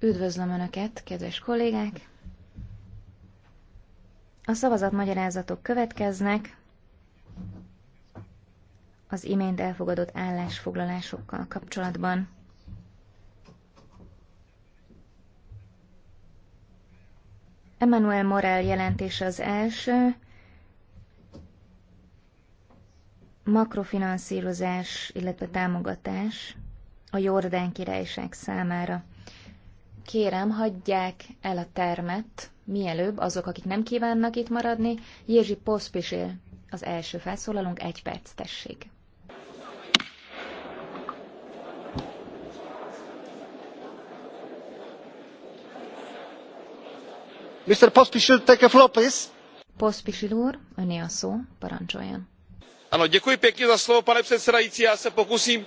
Üdvözlöm Önöket, kedves kollégák! A szavazatmagyarázatok következnek az imént elfogadott állásfoglalásokkal kapcsolatban. Emmanuel Morel jelentése az első, makrofinanszírozás, illetve támogatás a Jordán királyság számára. Kérem, hagyják el a termet, mielőbb azok, akik nem kívánnak itt maradni. Jézsi Poszpisil az első felszólalunk, egy perc tessék. Mr. Pospisil, take a floor, please. Pospisil úr, öné a szó, parancsoljon pane předsedající já se pokusím.